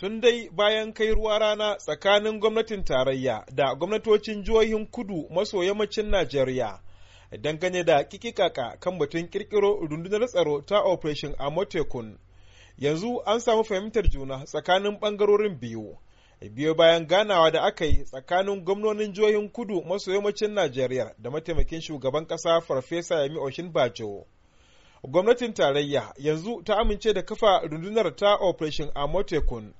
tun dai bayan kai ruwa rana tsakanin gwamnatin tarayya da gwamnatocin jihohin kudu maso yammacin Najeriya dangane da kikikaka kan batun kirkiro rundunar tsaro ta Operation Amotekun. Yanzu an samu fahimtar juna tsakanin bangarorin biyu. biyo bayan ganawa da aka yi tsakanin gwamnonin jihohin kudu maso yammacin Najeriya da mataimakin shugaban ƙasa Farfesa yami Oshin Bajo. Gwamnatin tarayya yanzu ta amince da kafa rundunar ta Operation Amotekun.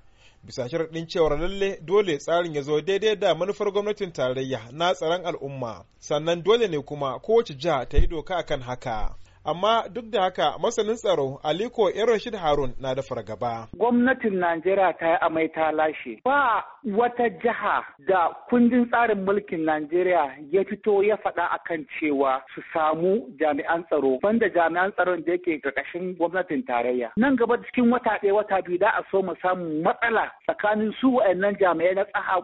bisa sharaɗin cewar lalle dole tsarin ya zo daidai da manufar gwamnatin tarayya na tsaron al'umma sannan dole ne kuma kowace jiha ta yi doka akan haka amma duk da haka masanin tsaro aliko rashid harun na da fargaba gwamnatin najeriya ta yi amai ta lashe ba wata jiha da kundin tsarin mulkin najeriya ya fito ya faɗa kan cewa su samu jami'an tsaro banda jami'an tsaron da yake ƙarƙashin gwamnatin tarayya nan gaba cikin wata ɗaya wata biyu da a so mu samu matsala tsakanin su wa'annan jami'ai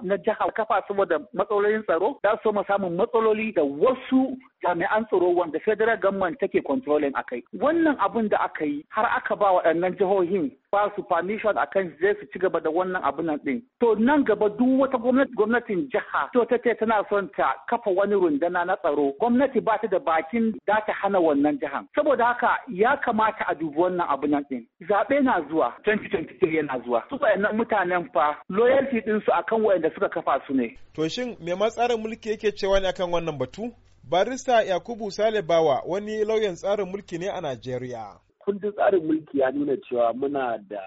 na jiha kafa saboda matsalolin tsaro da so mu samu matsaloli da wasu jami'an tsaro wanda federal government take controlling akai wannan abun da aka yi har aka ba waɗannan jihohin ba su permission akan zai su ci gaba da wannan abun nan din to nan gaba duk wata gwamnatin jiha to ta ce tana son ta kafa wani rundana na tsaro gwamnati ba ta da bakin da ta hana wannan jihan saboda haka ya kamata a dubi wannan abun nan din zaɓe na zuwa 2023 yana zuwa su waɗannan mutanen fa loyalty ɗinsu akan waɗanda suka kafa su ne to shin me matsarin mulki yake cewa ne akan wannan batu Barista Yakubu salibawa wani lauyan tsarin mulki ne a Najeriya. Kundin tsarin mulki ya nuna cewa muna da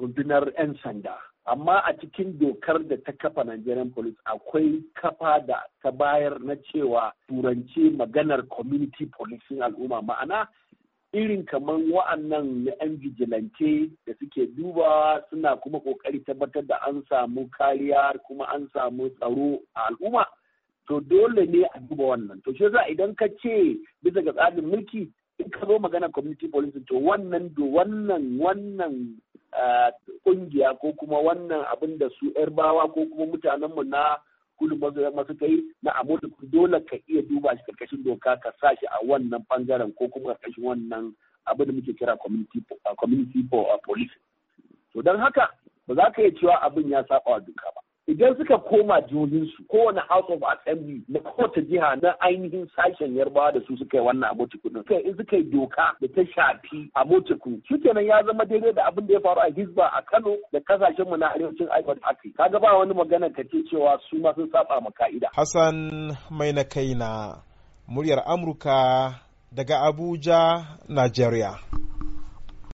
rundunar 'yan sanda. Amma a cikin dokar da ta kafa Nigerian Police akwai kafa da ta bayar na cewa turanci maganar community policing al'umma ma'ana irin kamar wa'annan na 'yan vigilante da suke duba suna kuma kokari tabbatar da an samu kariya kuma an samu tsaro a al'umma to dole ne a duba wannan to shi yasa idan ka ce bisa ga tsarin mulki in ka zo magana community policy to wannan do wannan wannan kungiya ko kuma wannan abin da su yarbawa ko kuma mutanenmu na kudu masu kai na amurka dole ka iya duba shi karkashin doka ka sa shi a wannan bangaren ko kuma karkashin wannan abin da muke kira community for police to don haka ba za ka iya cewa abin ya saba wa duka idan suka koma jihohinsu kowane house of assembly na kowace jiha na ainihin sashen yarbawa da su suka yi wannan abotiku kudin suka in suka yi doka da ta shafi abotiku shi kenan ya zama daidai da abin da ya faru a hizba a kano da kasashen mu na arewacin ivory Ka ga ba wani magana ka ce cewa su ma sun saba ma ka'ida hassan mai na kai na muryar amurka daga abuja nigeria